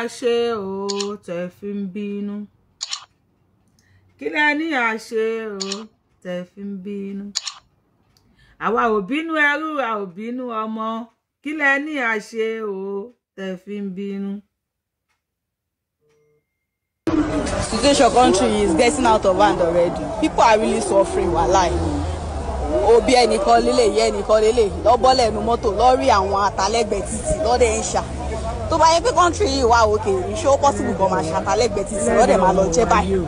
àṣe o tẹ̀ fi ń bínú kí lẹ ní àṣe o tẹ̀ fi ń bínú àwa ò bínú ẹrú a ò bínú ọmọ kí lẹ ní àṣe o tẹ̀ fi ń bínú. situation country is getting out of hand already people are really suffering wahala òbí ẹnìkan lélẹ̀ ìyá ẹnìkan lélẹ̀ lọ́bọ́lẹ̀ nu mọ́tò lọ́rí àwọn àtàlẹ́gbẹ̀ẹ́ títì lọ́dẹ̀ ń ṣà tó bá yẹ pé kọ́ńtì yìí wà òkè ṣé ó pọ́sibù gan máa ṣàtàlẹ́gbẹ̀ẹ́ títí lọ́dẹ̀ máa lọ jẹ́ báyìí.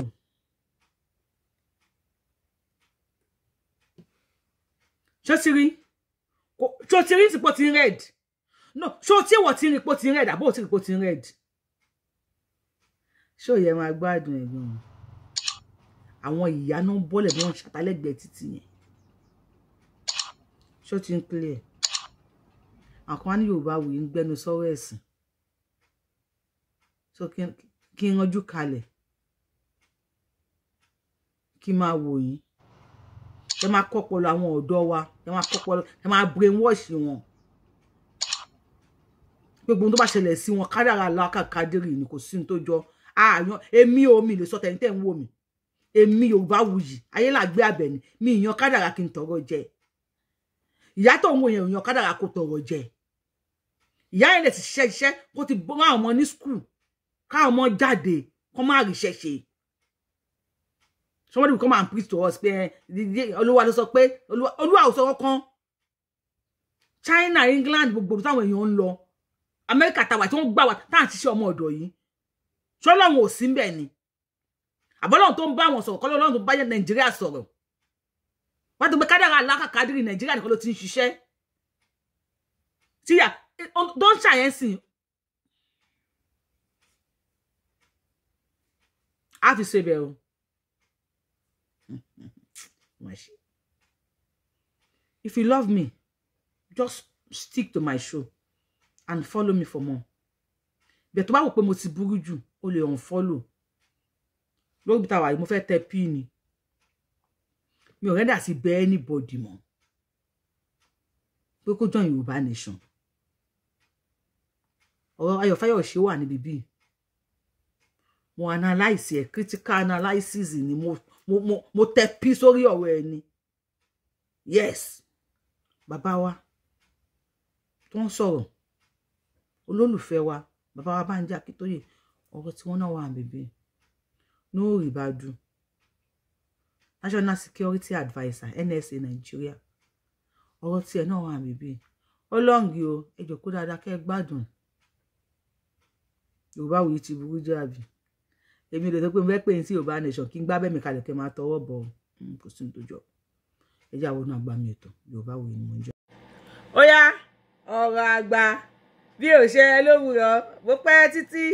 ṣó ti ti rí ti red no ṣó tí ìwọ ti ń rìpó ti ń red àbó tí rìpó ti red ṣó yẹ máa gbádùn ẹ̀gbọ́n àwọn ìyá náà bọ́lẹ̀ bí wọ́n ṣàtàlẹ́gbẹ̀ẹ́ títí yẹn ṣó ti ń clear àkànwá ní Yorùbá wòye ń gbẹnu sọ́wọ́ ẹ̀sìn so kí n ránjú kalẹ̀ kí n máa wò yín ẹ máa kọ́pọ̀lọ́ àwọn ọ̀dọ́ wa ẹ máa kọ́pọ̀lọ́ ẹ máa brainwash wọn gbogbo tó bá ṣẹlẹ̀ sí wọn kárí ara la kàkàdérì ni kò sí ní tó jọ àyàn èmi ò mi lè sọ tẹ̀yìn tẹ̀ ń wò mí èmi yorùbá wuyì ayé làgbé abẹ̀ni mi ìyan kádàrà kí n tọrọ jẹ ìyá tó ń wo yẹn ìyan kádàrà kò tọrọ jẹ ìyá yẹn lè ti ṣiṣẹ́ iṣẹ́ kó ti bọ́ àwọn ọmọ ní skul káwọn ọmọ jáde kó má ríṣẹ́ ṣe somebody will come and preach to us pé olúwa ló sọ pé olúwa ò sọ kankan China England gbogbo táwọn èèyàn ń lọ Amẹ́ríkà tàwa tí wọ́n gbà wá tá à ń ṣiṣẹ́ ọmọ ọ̀dọ̀ yìí ṣọlọ́run ò sí mbẹ̀ ni àbọ́lọ́run tó ń bá wọn sọ̀rọ̀ kọ́ lọ́run tó bá yẹ Nàìjíríà sọ̀rọ̀ wọ́n ti gbé kádàrà alákàkádìrì Nàìjíríà nìkan ló ti ń ṣiṣẹ́ tíyà tó ń ṣàyẹ̀sìn á fi so ibẹ̀ o if you love me just stick to my show and follow me for more bẹ̀ tó bá wò pé mo ti burú jù o lè unfollow lóògbé táwa yìí mo fẹ́ tẹ píìnì mi ò rẹ́dà sí bẹ anybody mọ́ pé kó join Yorùbá nation ọ̀rọ̀ Ayọ̀ Fáyọ̀ṣé wà níbi bíi mo analyse ẹ̀ critical analysis ni mo mo mo mo tẹpí sórí ọ̀rọ̀ ẹ̀ ni yes bàbá wa tó ń sọ̀rọ̀ olólùfẹ́ wa bàbá wa Bánjí Akíntóyè ọ̀rọ̀ tí wọ́n náà wà bèbè nóòrì bá National Security Adviser NSA Nigeria ọ̀rọ̀ tiẹ̀ náà wà bèbè ọlọ́ǹgì o ẹ jọ̀ọ́ kó dáadáa kẹ́ ẹ gbádùn Yorùbá Wùyí ti burú jáàbì èmi lè sọ pé mo fẹ́ pè ní sí yorùbá nation kí n gbá bẹ́ẹ̀ mi kalẹ̀ kẹ́ máa tọwọ́ bọ̀ hmm, kò sí nítorí jọ ẹ àwọn náà gbá mi ètò yorùbá wo ni mo ń jọ. ó yá ọ̀rọ̀ àgbà bí ò ṣe lówùrọ̀ bó pẹ́ títí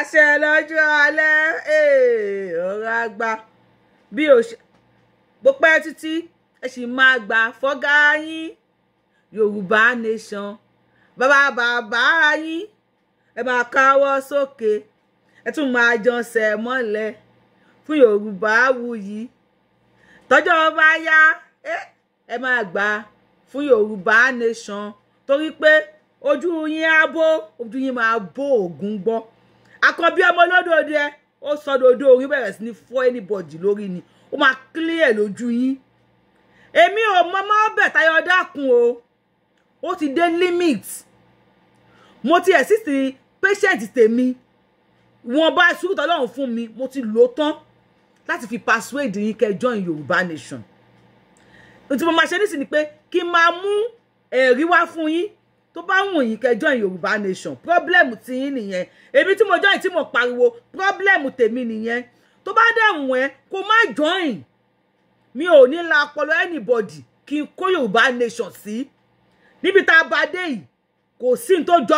àṣẹ lọ́jọ́ alẹ́ eh, ọ̀rọ̀ àgbà bí ò ṣe bó pẹ́ títí ẹ sì máa gbà fọ́gá yín yorùbá nation bàbá bàbá yín ẹ máa káwọ́ sókè. So ẹ tún máa jọ sẹ̀ mọ́lẹ̀ fún Yorùbá wuyì tọ́jọ́ bá yá ẹ máa gbà fún Yorùbá nation torí pé ojú yín á bó ojú yín máa bó ògùn gbọ́ àkànbí ọmọ olódòdó ẹ ó sọ dodo orí bẹ̀rẹ̀ sí ní fọ́ anybody lórí ni ó máa clear lójú yín èmi ò mọ́mọ́ bẹ̀ tayọ dákun o ó ti dé limit mo ti ẹ̀ sí patient tèmi wọn bá ṣùgbọ́n ọlọ́run fún mi mo ti lò ó tán fi persuade yín kẹ́ join yorùbá nation tí mo máa ṣe nísìnyí pé kí n máa mú ẹ̀rí wá fún yín tó bá wùn yín kẹ́ join yorùbá nation problem ti yín nìyẹn èmi tí mo join tí mo pariwo problem tèmi nìyẹn tó bá dẹ̀ wùn ẹ́ kó má join mi ò ní la ọpọlọ anybody kí n kó nation sí níbi tá a bá dé yìí kò sí ní tó jọ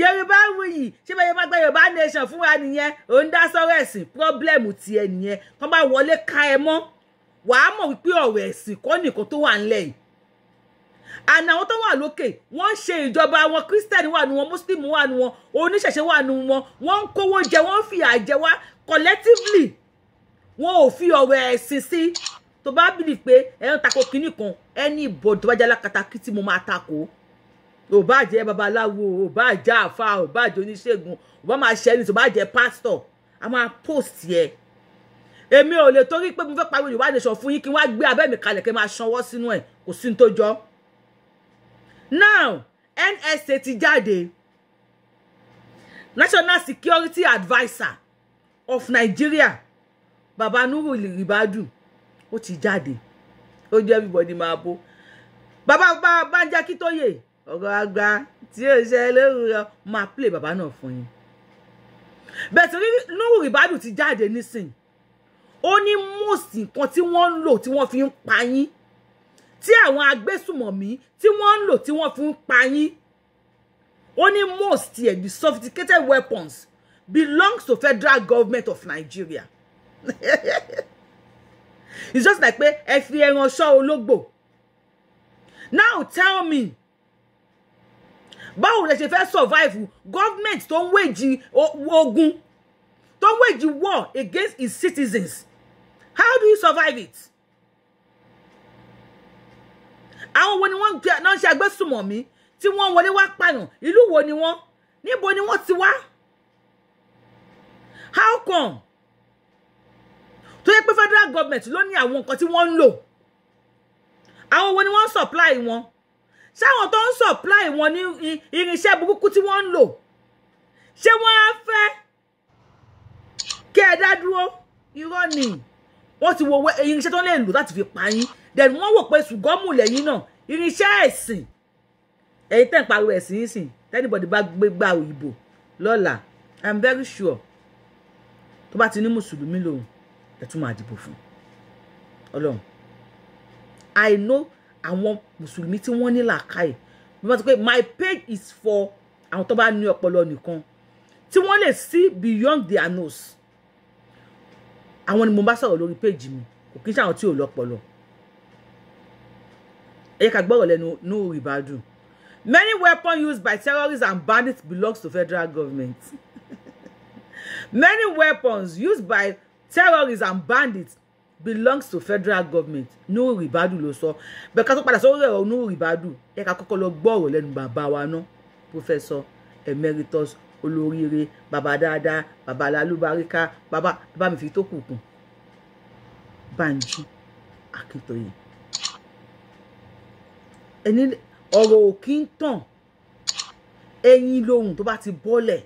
yorùbá wuyì ṣé bẹ́ẹ̀ yorùbá gba yorùbá nation fún wa nìyẹn ò ń dá sọ́rọ̀ ẹ̀sìn pọ́blẹ́mù tiẹ̀ nìyẹn tó bá wọlé ka ẹ mọ́ wàá mọ̀ wípé ọ̀rọ̀ ẹ̀sìn kọ́ nìkan tó wà ńlẹ̀ yìí àná àwọn tó wà lókè wọ́n ń ṣe ìjọba wọn kírísítẹ́nì wà nù wọn mùsùlùmí wà nù wọn oníṣẹ̀ṣe wà nù wọn wọ́n ń kówó jẹ wọ́n ń fìyà jẹ wá collectively wọn ò fi ọ̀rọ̀ ẹ̀sìn sí tó bá bìlì pé ẹ ń tako kinní kan ẹni ìbọ̀dọ̀ bá jẹ́ alákatakí tí mo máa tako ò bá jẹ́ babaláwo ò bá jẹ́ àfa ò bá jẹ́ oníṣègùn ò bá máa ṣe ẹni tó bá jẹ́ pásítọ̀ a máa post yẹ èmi ò lè torí pé mo fẹ́ pariwo Yorùbá nation fún yín kí n wá gbé abẹ́ mi kalẹ̀ kí n máa sanwó sínú ẹ̀ kò sí ní tó jọ now NSA ti jáde National Security Adviser of Nigeria Baba Nuhu Ribadu ó ti jáde ó jẹ́ everybody máa bó Baba bá bá ń jẹ́ kí tó yè ọ̀gọ̀ àgbà tí ò ṣe lówùrọ̀ máa play bàbá náà fún yín bẹ́ẹ̀ torí Nuhu Ribadu ti jáde nísìn ó ní mòsì nǹkan tí wọ́n ń lò tí wọ́n fi ń pa yín tí àwọn agbésùmọ̀mí tí wọ́n ń lò tí wọ́n fi ń pa yín ó ní most tiẹ̀ the sophisticated weapons belongs to federal government of Nigeria it's just like pé ẹ fi ẹran ṣọ́ ológbò now tell me báwo lẹ ṣe fẹ́ survive government tó ń wéjì ogun tó ń wéjì war against its citizens how do you survive it? àwọn wo ni wọ́n ń ṣe agbésùmọ̀mí tí wọ́n wọlé wá pààyàn ìlú wo ni wọ́n níbo ni wọ́n ti wá how come tó yẹ pé federal government ló ní àwọn nǹkan tí wọ́n ń lò àwọn wo ni wọ́n ń supply wọn sáwọn tó ń supply wọn ní irinṣẹ́ burúkú tí wọ́n ń lò ṣé wọ́n á fẹ́ kí ẹ dá dúró irọ́ ni wọ́n ti wo irinṣẹ́ tó lè lò láti fi pa yín then wọ́n wò pé ṣùgọ́mù lẹ́yìn náà irinṣẹ́ ẹ̀sìn ẹ̀yin tẹ̀ ń pariwo ẹ̀sìn yìí sìn tẹ́nibọ̀dì bá gbé gba òyìnbó lọ́la i'm very sure tó bá ti ní mùsùlùmí lòun ẹ̀ tún máa dìbò fún ọlọ́run i know àwọn mùsùlùmí tí wọ́n ní làákàyè bí wọ́n ti pé my page is for àwọn tó bá ní ọpọlọ nìkan tí wọ́n lè see beyond their nose àwọn ni mo bá sọ̀rọ̀ lórí péjì mi kò kí n ṣàwọn tí ò lọ́pọlọ ẹ ká gbọ́rọ̀ lẹ́nu Nuhu Ribadu many weapons used by terrorists and bandits belongs to federal government many weapons used by terrorists and bandits belongs to federal government Nuhu Ribadu ló sọ bẹ́ẹ̀ ká tó padà sórí ẹ̀rọ Nuhu Ribadu ẹ ká kọ́kọ́ lọ gbọ́ ọ̀rọ̀ lẹ́nu bàbá wa náà professor emeritus olóríire bàbá dáadáa bàbá alálùbáríkà bàbá bàbá mi fi tó kù kù Banji Akintoye ẹni ọ̀rọ̀ ò kí ń tàn ẹyin lohun tó bá ti bọ́lẹ̀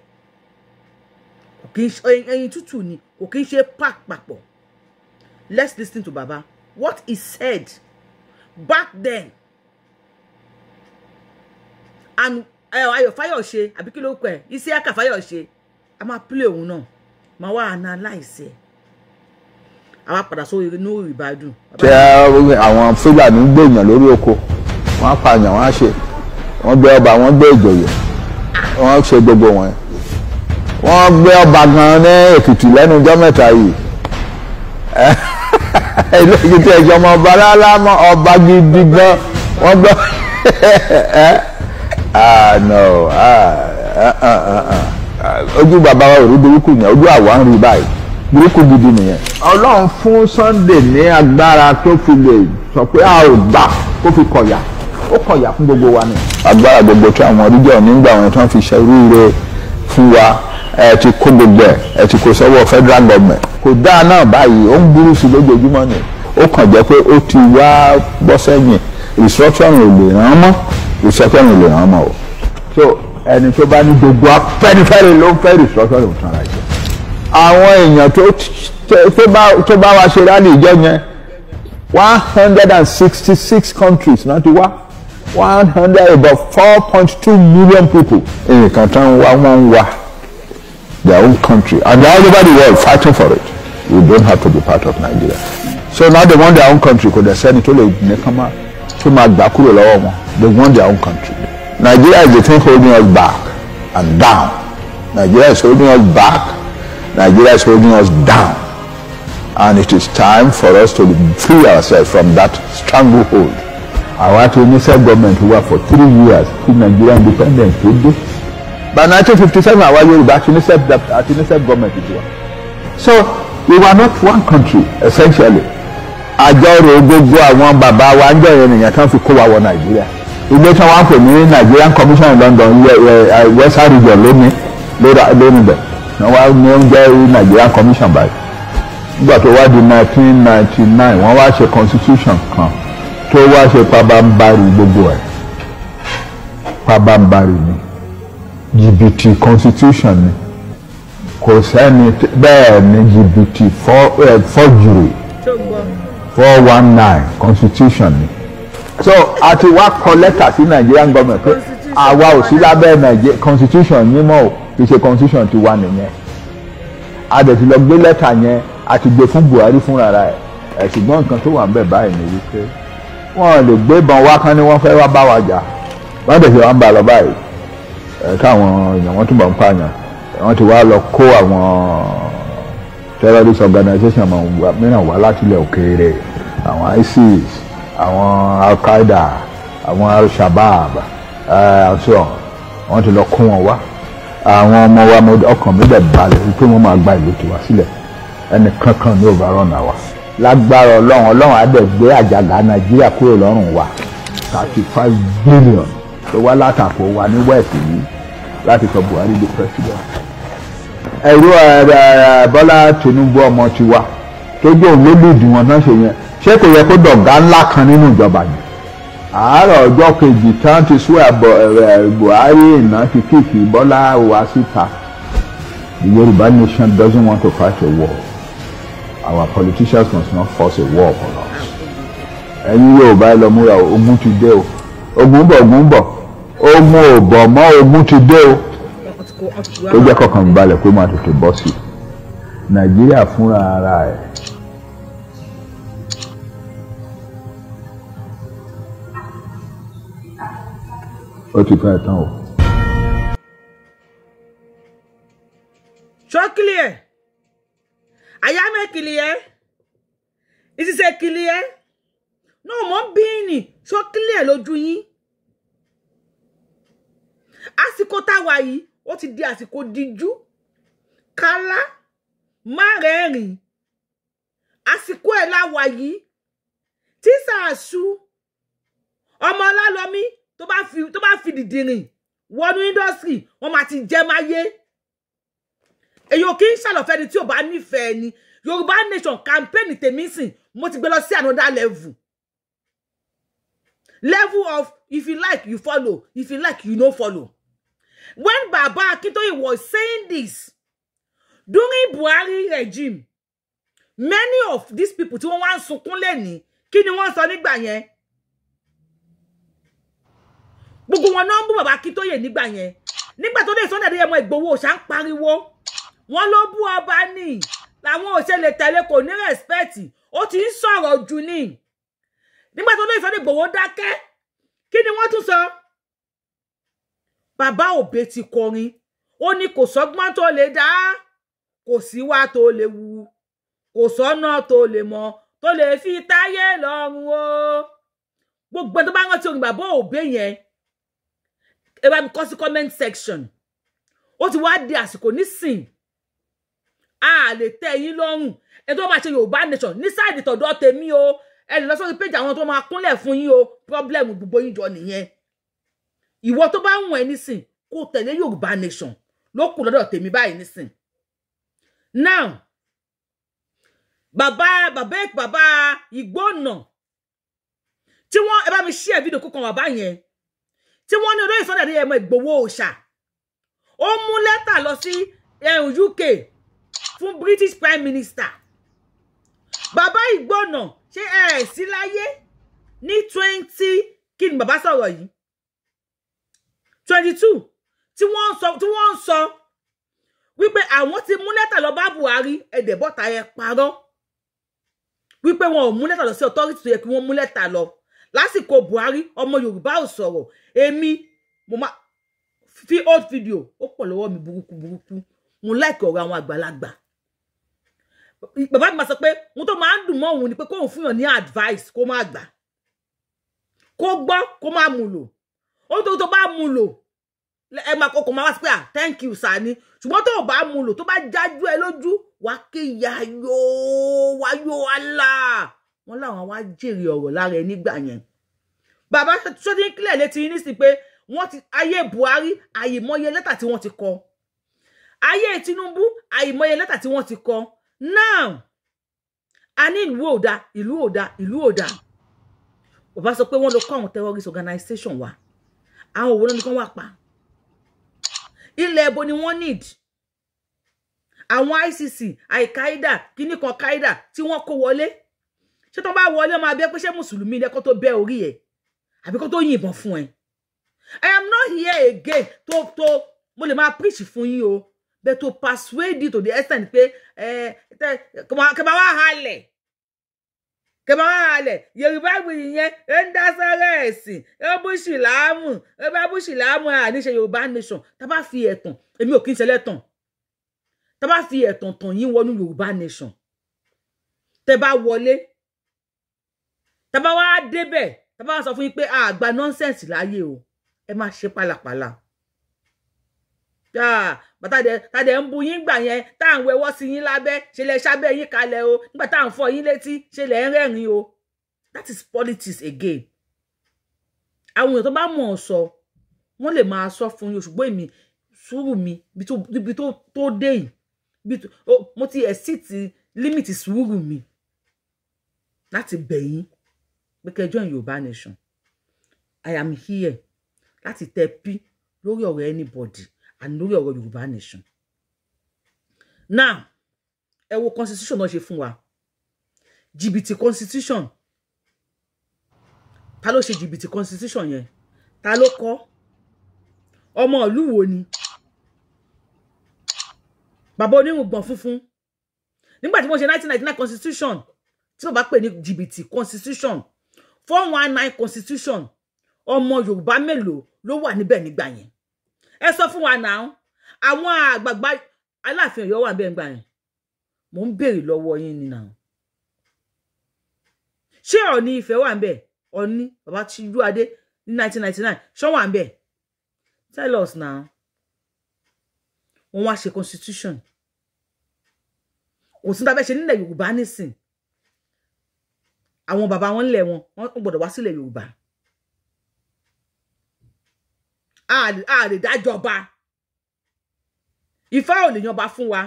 ẹyin tútù ni kò ń ṣe pàpàpọ̀ let's listen to Baba what he said back then and eh, Ayọ̀ Fáyọ̀ṣe àbí kí ló kọ ẹ Isiaka Fáyọ̀ṣe a máa play òun náà máa wá analyse ẹ àwa padà sórí inú ìbádùn. ṣé àwọn fúlàní ń gbèyàn lórí oko wọn á pààyàn wọn á ṣe wọn gbé ọba wọn gbé ìjòyè wọn ṣe gbogbo wọn wọn gbé ọba gan ní Èkìtì lẹ́nu ọjọ́ mẹ́ta eléyìí tí ẹ̀jọ̀ ọmọ ọba lálámọ́ ọba gidi gan wọ́n gbọ́ ah, ah, ah, ojú bàbá wa òru burúkú yẹn ojú àwa ń rí báyìí burúkú gidi nìyẹn. ọlọ́run fún Sunday ní agbára tó fi lè sọ pé a ò gbà kó fi kọ̀yà ó kọ̀yà fún gbogbo wa ni. agbára gbogbo tí àwọn oríjọ́ nígbà wọn tí wọ́n fi ṣe irú ire fún wa ẹ ti kó gbogbo ẹ ẹ ti kó sọ́wọ́ federal government kò dáa náà báyìí ó ń burú sí lójoojúmọ́ ni ó kàn jẹ́ pé ó ti wá bọ́ sẹ́yìn restructuring ò lè ràn án mọ́ restructuring ò lè ràn án mọ́ o so ẹni tó bá ní gbogbo afẹ́nifẹ́re ló ń fẹ́ restructuring tán ra jẹ àwọn èèyàn tó bá wa ṣe rally ìjọ yẹn one hundred and sixty six countries náà ti wá one hundred about four point two million people. èèkàn tán wá wọ́n wá their own country and they're all over the world fighting for it you don't have to be part of Nigeria so now they want their own country kò they send it to the nekama, to tó máa wọn they want their own country Nigeria is the thing holding us back and down Nigeria is holding us back Nigeria is holding us down and it is time for us to free ourselves from that stranglehold àwọn àti government who wà for three years kí Nigeria independence tó dé by nineteen fifty seven àwa yorùbá àti ní self àti ní self government ti wa so we were not one country essentially àjọrò gbogbo àwọn bàbá wa ń jẹ́ ènìyàn kan fi kó wa wọ nàìjíríà ilé tí wọ́n pè ní nigerian commission in london western region lónìí lónìí bẹ̀ wọ́n ní oúnjẹ nigerian commission báyìí nígbà tó wá di nineteen ninety nine wọ́n wá ṣe constitution kan tó wá ṣe pabambarì gbogbo ẹ̀ pabambarì ni jìbìtì constitution ni kò sẹ́ni bẹ́ẹ̀ ni jìbìtì eh, forgery four one nine constitution ni so a ti wá kọ lẹ́tà sí Nigerian government pé àwa ò sí lábẹ́ Nigeria constitution yín mọ́ o kì ṣe constitution ti wà nìyẹn a dẹ̀ ti lọ gbé lẹ́tà yẹn a ti gbé fún Buhari fúnra rẹ̀ ẹ̀ ṣùgbọ́n nǹkan tó wà ń bẹ̀ báyìí ni wípé wọ́n lè gbébọn wá kán ni wọ́n fẹ́ wá bá wa jà wọ́n dẹ̀ ṣe wá ń bá lọ báyìí káwọn èèyàn wọn túbọ̀ ń pààyàn wọ́n ti wá lọ kó àwọn terrorist organization mìíràn wá látilẹ̀ òkèèrè àwọn ISIS àwọn Al-Qaeda àwọn Al-Shabab àti eh, ọ̀ ti lọ kó wọn wá àwọn ọmọ wa ọkàn mi dẹ̀ balẹ̀ wípé wọ́n máa gba ìlú tiwa sílẹ̀ ẹnì kankan ní òbárọ̀nà wa lágbára ọlọ́run ọlọ́run á dẹ̀ gbé àjàgà Nàìjíríà kúrò lọ́rùn wa thirty five billion tó wá látakò wa ní west yìí láti sọ Buhari di president ẹ̀rú Bọ́lá Tinubu ọmọ tiwa tó jẹ́ òun ló lù dùn wọn náà ṣe yẹn ṣé kò yẹ kó dọ̀gá ńlá kan nínú ìjọba yìí àárọ̀ ọjọ́ kejì tán ti sún Buhari iná ti kíkì Bọ́lá wá síta the Yorùbá nation doesn't want to fight a war our politicians must not force a war upon us ẹ̀yin Yorùbá ẹ lọ múra ogun ti dé o ogun bọ̀ ogun bọ̀ ogun ò bọ̀ mọ́ ogun ti dé o ó jẹ́ kọkàn balẹ̀ pé máa tètè bọ́ sí nàìjíríà fúnra ara ẹ̀ ó ti fẹ́ tán o. ṣọ́kìlì ẹ̀ àyámẹ́kìlì ẹ̀ ìṣiṣẹ́ kìlì ẹ̀ náà mọ́ bíìnì ṣọ́kìlì ẹ̀ lójú yín àsìkò táwa yìí ó ti di àsìkò díjú kálá má rẹ́rìn àsìkò ẹ̀ láwa yìí tí sàásù ọmọ ọlálọ́mí tó bá fi tó fi dìdì rìn wọnú indọ́sírì wọ́n máa ti jẹ́ máyé èyí ò kí ń ṣàlọ́fẹ́ ni tí ò bá nífẹ̀ẹ́ ni yorùbá nation campaign tèmi sìn mo ti gbé lọ sí another level level of if you like you follow if you like you no follow. When Baba Akintoye was saying this, during Buhari regime, many of these people tí wọ́n wá ń sunkún lẹ́ni, kí ni wọ́n sọ nígbà yẹn? Gbogbo wọn náà ń bú Baba Akintoye nígbà yẹn. Nígbà tó dé Sunday Adéyẹmọ Ìgbòho ṣá ń pariwo. Wọ́n ló bú ọba ní. Làwọn ò ṣe lè tẹ̀lé kò ní rẹ́spẹ̀tì. Ó ti ń sọ̀rọ̀ jù ní. Nígbà tó dé Sunday Ìgbòho dákẹ́. Kí ni wọ́n tún sọ? bàbá òbẹ ti kọrin ó ní kò sọ́gbọ́n tó lè dá kò síwá tó lè wu kò sọ́nà tó lè mọ tó lè fi táyé lọ́rùn o gbogbo tó bá rántí orin bàbá òbẹ yẹn ẹ bá mi kọ sí comment section ó ti wá di àsìkò nísìn a lè tẹ́ yín lọ́rùn ẹ tó máa ṣe Yorùbá nation ní sáìdì tọ̀dọ̀ tèmi o ẹ lè lọ sórí péjì àwọn tó máa kúnlẹ̀ fún yín o problem gbogbo yín jọ nìyẹn ìwọ to bá wùn ẹ́ nísìn kó tẹ̀lé yorùbá nation ló kù lọ́dọ̀ tèmi báyìí nísìn now Baba, bàbá bàbá ìgbónà tí wọ́n ẹ bá mi share fídíò kó kan bàbá yẹn tí wọ́n ní olóyè Sunday Adéyẹmọ Ìgbòho òòṣà ó mú lẹ́tà lọ sí eh, UK fún British Prime Minister bàbá ìgbónà ṣé ẹ sí láyé ní twenty kí ni bàbá sọ̀rọ̀ yìí twenty two tí wọ́n ń sọ tí wọ́n ń sọ wípé àwọn ti mú lẹ́tà lọ bá Buhari ẹ̀dẹ̀bọ́ta yẹn parọ́ wípé wọn ò mú lẹ́tà lọ sí authority tó yẹ kí wọ́n mú lẹ́tà lọ lásìkò Buhari ọmọ Yorùbá ò sọ̀rọ̀ èmi mo máa fi old video ó pọ̀ lọ́wọ́ mi burúkú burúkú mo like ọ̀rọ̀ àwọn àgbàlagbà bàbá mi máa sọ pé mo tó máa ń dùn mọ́ òun ni pé kóun fún yàn ní advice kó má gbà kó gbọ́ kó má mú lò ó tó tó bá mu lò ẹ máa kọkọ máa wá sí pé à ah, thank you sir ni ṣùgbọ́n tó o bá mu lò tó bá jájú ẹ lójú wá kéya yóò wá yóò ala wọn làwọn wá jèrè ọ̀rọ̀ lára ẹ nígbà yẹn bàbá sọdínkìlẹ létí yín nísìnyí pé wọn ti ayé Buhari àyèmọye lẹ́tà tí wọ́n ti kọ ayé Tinubu àyèmọye lẹ́tà tí wọ́n ti kọ now ani ní ìlú òda ìlú òda ìlú òda bàbá sọ pé wọ́n lọ kọ àwọn terrorist organization wa àwọn òwúrọ̀ nìkan wà pa ilẹ̀ ẹ̀bọ ni wọ́n need àwọn ICC àìkáídà kíní kan káídà tí wọ́n kó wọlé ṣé tó bá wọlé ọmọ abẹ́ pé ṣé mùsùlùmí ni kó tó bẹ́ orí ẹ̀ àbí kó tó yìnbọn fún ẹ I am not here again tó tó mo lè máa preach fún yín o but to persuade you to the extent pé eh, ẹ kí n bá wá halẹ̀ kẹmọ alẹ yorùbá gbìyì yẹn ẹńdásẹrẹẹsì ẹbùsìlámù ẹbùsìlámù àníṣe yorùbá nation tábà fi ẹ̀tàn èmi ò kí n ṣẹlẹ tàn tábà fi ẹ̀tàn tàn yín wọnú yorùbá nation tẹ bá wọlé tábà wá débẹ̀ tábà sọ fún yín pé àgbà nọ́ńsẹ̀nsì láyé o ẹ má ṣe pálapàla bàtà dẹ tàdẹ ń bu yín gbà yẹn tá à ń wẹwọ́ sí yín lábẹ́ ṣe lẹ ṣábẹ́ yín kalẹ̀ o nígbà tá à ń fọ yín létí ṣe lẹ ń rẹ́rìn o that is politics again àwọn èèyàn tó bá mọ̀ ọ́ sọ wọ́n lè máa sọ fún yín ṣùgbọ́n èmi sùúrù mi ibi tó dé yìí mo ti ẹ̀sìtì límìtì sùúrù mi láti bẹ̀yìn pé kẹ́ join Yorùbá Nation I am here láti tẹ pí lórí ọ̀rọ̀ anybody and lórí ọ̀rọ̀ Yorùbá nation now ẹ wo constitution náà ṣe fún wa jìbìtì constitution ta ló ṣe jìbìtì constitution yẹn ta ló kọ ọmọ ìlú wo ni bàbá onírùngbọ̀n funfun nígbà tí wọ́n ṣe 1999 constitution tí wọ́n bá pè ní jìbìtì constitution 419 constitution ọmọ Yorùbá mélòó ló wà níbẹ̀ nígbà yẹn ẹ sọ fún wa náà àwọn àgbààgbà aláàfin Ọ̀yọ́ wà bẹ́ẹ̀ gbà yẹn mò ń béèrè lọ́wọ́ yín ni náà ṣé Ọ̀ọ̀ni Ifẹ̀ wà ń bẹ̀ Ọ̀ọ̀ni Babátúndé ní 1999 ṣọ́ wà ń bẹ̀ tell us now wọ́n wá ṣe constitution kò sí tábẹ́ ṣe nílẹ̀ Yorùbá nísìn àwọn bàbá wọn nílẹ̀ wọn wọ́n gbọ́dọ̀ wá sílẹ̀ Yorùbá a lè dájọba Ifá ò lè yanba fún wa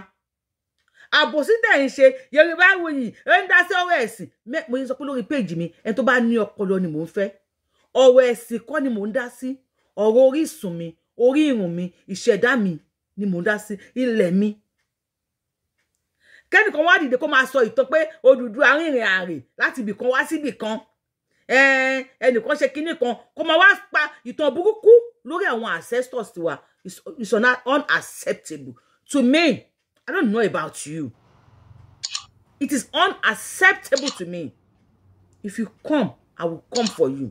àbòsí tẹ̀ ń ṣe Yorùbá wuyì ẹ ń dá sí ọ̀rọ̀ ẹ̀sìn mo yẹ sọ pé lórí péjì mi ẹni tó bá ní ọpọlọ ni mò ń fẹ́ ọ̀rọ̀ ẹ̀sìn kọ́ ni mò ń dá sí ọ̀rọ̀ orísun mi orí irun mi ìṣẹ̀dá mi ni mò ń dá sí ilẹ̀ mi kẹ́nìkan wá dìde kó máa sọ ìtàn pé Odùduwà arìnrìn àrè láti ibì kan wá síbì kan ẹnìkan ṣe kinní kan kó máa wá pa ìtàn burúkú lórí àwọn ancestors tiwa is is una unacceptable to me i don't know about you it is unacceptable to me if you come i will come for you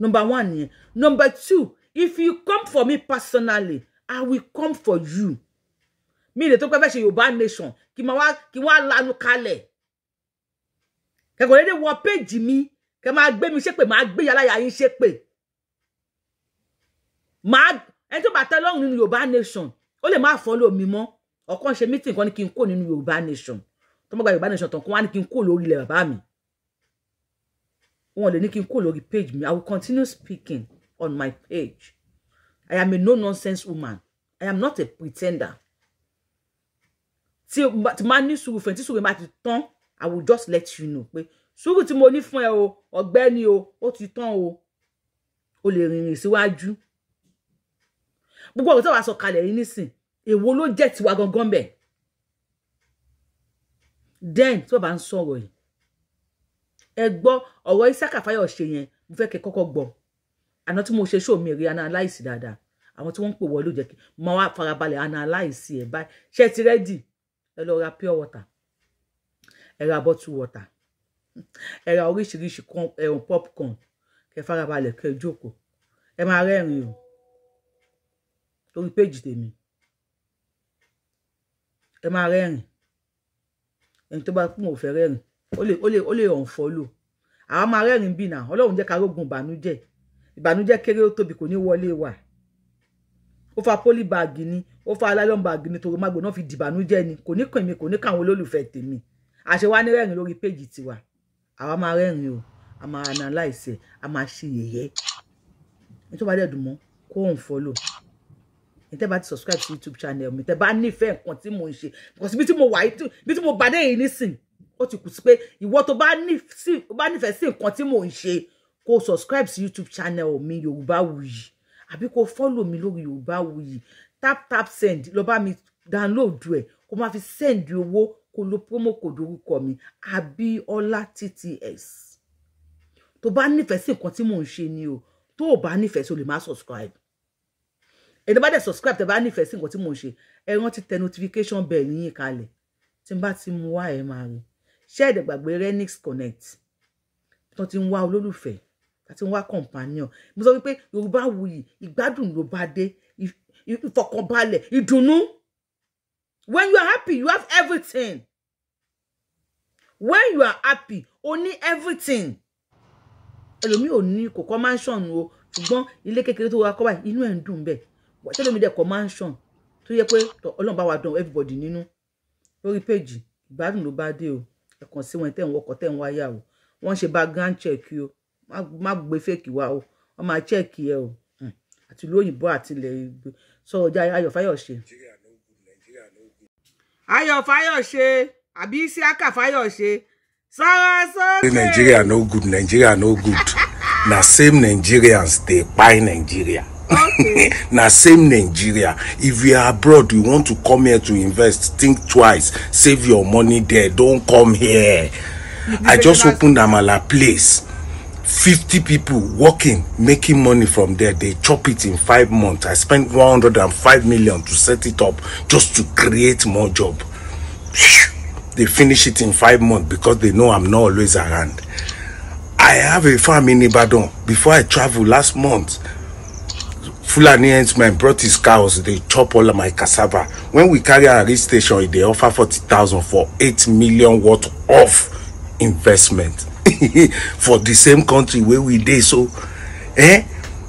number one yẹn number two if you come for me personally i will come for you mi lè tó pẹ́ fẹ́ ṣe yorùbá nation ki n wá kí n wá lanu kalẹ̀ kẹkọ̀ọ́ lédè wọ péjì mi kẹ máa gbé mi ṣépè máa gbé yàrá yàrá yín ṣépè màá ẹni tó bá tẹ́ lọ́rùn nínú yorùbá nation ó lè má follow mi mọ́ ọ̀kan ṣe meeting kan ní kí n kó nínú yorùbá nation tó mọ́gbà yorùbá nation tán kan wá ní kí n kó lórí ilẹ̀ bàbá mi wọn lè ní kí n kó lórí page mi i will continue speaking on my page i am a no nonsense woman i am not a pretender tí máa ní sùúrù fẹ̀ tí sùúrù máa ti tán i will just let you know pé sùúrù tí mo ní fún ẹ o ọ̀gbẹ́ni o ó ti tán o o lè rìnrìn síwájú gbogbo ọ̀rọ̀ tí wàá sọ kalẹ̀ yìí nísìn èwo ló jẹ́ tiwa gangan bẹ̀ den tí wọ́n bá ń sọ̀rọ̀ yìí ẹ gbọ́ ọ̀rọ̀ Isaka Fayose yẹn mo fẹ́ kẹ́ kọ́kọ́ gbọ́ àná tí mo ṣe show mi rí analyze dáadáa àwọn tí wọ́n ń pè wọlé ò jẹ́ kí mo wá farabalẹ̀ analyze ẹ̀ báyìí ṣé ti rẹ́dì ẹ lọ ra pure water ẹ ra bottle water ẹ ra oríṣiríṣi ẹ̀rùn eh, popcorn kẹ́ farabalẹ̀ kẹ́ jókòó ẹ máa rẹ́rìn-ín o lórí péjì tèmi ẹ máa rẹ́rìn ẹni tó bá kún òfẹ́ rẹ́rìn ó lè ó lè ó lè ọ̀n fọ́lò àwa máa rẹ́rìn bì náà ọlọ́run jẹ́ ká rógun ìbànújẹ́ ìbànújẹ́ kéré ó tóbi kò ní wọlé wà ó fa pólí báàgì ni ó fa alálọ́n báàgì ni tòrò mágbó náà fi dìbànújẹ́ ni kò ní kàn kò ní káwọn olólùfẹ́ tèmi àṣewá ní rẹ́rìn lórí péjì tiwa àwa máa rẹ́rìn o a máa analyse ẹ̀ a máa ṣe yẹ̀yẹ́ nítorí wàá dẹ̀ dùn mọ́ kó òun fọ́lò tẹ́ bá ti subscribe sí youtube channel mi tẹ́ bá nífẹ̀ẹ́ nǹkan tí mo ń ṣe because bí tí mo wà bí tí mo bá dé yìí nísìn ó ti kù sí pé ìwọ tó bá nífẹ̀ẹ́ sí nǹkan tí mo ń ṣe kó subscribe sí youtube channel mi Yorùbáwùyí àbí kó follow mi lórí Yorùbáwùyí tap tap send lọ bá mi download ẹ kó máa fi send owó kó lo promo code orúkọ mi Abíọ́lá tts tó bá nífẹ̀ẹ́ sí nǹkan tí mo ń ṣe ni o tó o bá nífẹ̀ẹ́ sí o lè má subscribe ẹni bá dẹ̀ subscribe tẹ́ bá nífẹ̀ẹ́ sí nǹkan tí mò ń ṣe ẹ rántí tẹ notification bell yín kalẹ̀ tí n bá ti mú wá ẹ máa rí ṣé ẹ̀dẹ̀ gbàgbé Renix Connect tó ti ń wá olólùfẹ́ àti ń wá companion mo sọ wípé Yorùbá wuyì ìgbádùn ló bá dé ìfọkànbalẹ̀ ìdùnnú when you are happy you have everything when you are happy o ní everything ẹlòmíì ò ní kò kọ́ mansion o ṣùgbọ́n ilé kékeré tó wà kọ́ báyìí inú ẹ̀ ń dùn bẹ́ẹ̀ tẹ́lẹ̀ mi dẹ̀ kọ́ mansion tó yẹ pé ọlọ́run bá wa dán everybody nínú lórí péjì ìgbádùn ló bá dé o ẹ̀kan sí wọn tẹ̀ ń wọkọ̀ tẹ̀ ń wáyà o wọ́n ṣe background check o má gbé fake wa o wọ́n máa check ẹ o hmm. àti ìlú òyìnbó àti ilẹ̀ ìgbé sọ ọjà ayọ̀ fáyọ̀ṣe. ayọ̀ fáyọ̀ṣe àbí isiaka fáyọ̀ṣe sọ̀rọ̀ sókè. Nigeria no good Nigeria no good na same Nigerians dey kpai Nigeria. Now, same nigeria if you are abroad you want to come here to invest think twice save your money there Don't come here i just opened amala place fifty people working making money from there they chop it in five months i spent one hundred and five million to set it up just to create more job they finish it in five months because they know i'm not always around i have a farm in ibadan before i travel last month fulani herdsmen brought his cows They chop all my cassava when we carry our reach station they offer forty thousand for eight million worth of investment for the same country where we did. so eh